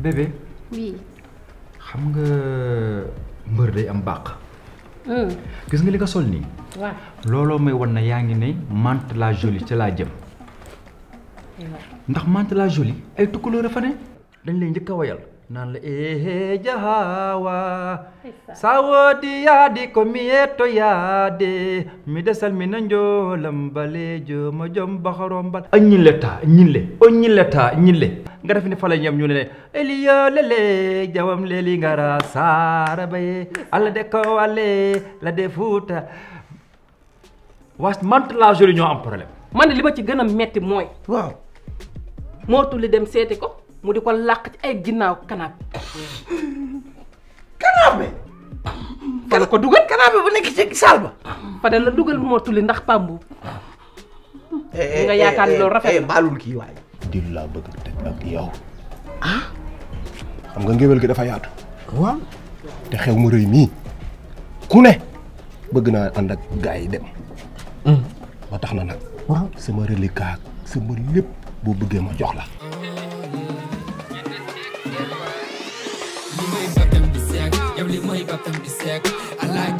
bébé. oui. xam nga mbër day am bàq. Hmm. gis nga li sol ni. waaw looloo may wan na yaa ngi ne mante la jolie ca laa jëm. ndax mante la jolie ay tukkuloo dafa ne dañ lay wayal. nan la eheja hawa sawodiyadi komi yetto yaade miɗe salmina njolam balejo mo joom baharo mbal a ñilleta ñille o ñilleta ñille ngara fini fala ñam ñune eliyo lele jawam leli ngara sara baye allah de ko wale la de fuuta was mantelageri ñoo am problème man li ma ci gën a metti mooy waaw mootuli dem seeti ko mu di ko làq ci ay ginnaaw canapé. canapé. fa la ko dugal canapé bu nekk ci salle ba. fa la dugal moo tulli ndax pàmbu. Eh, eh, nga eh, rafet ak yow. ah. xam nga ngéwél gi dafa yaatu. waaw. te xew mu rëy mii ku ne bëgg naa ànd ak gars yi dem. Hmm. ba tax na sama sama ma jox la. got them be sick. I like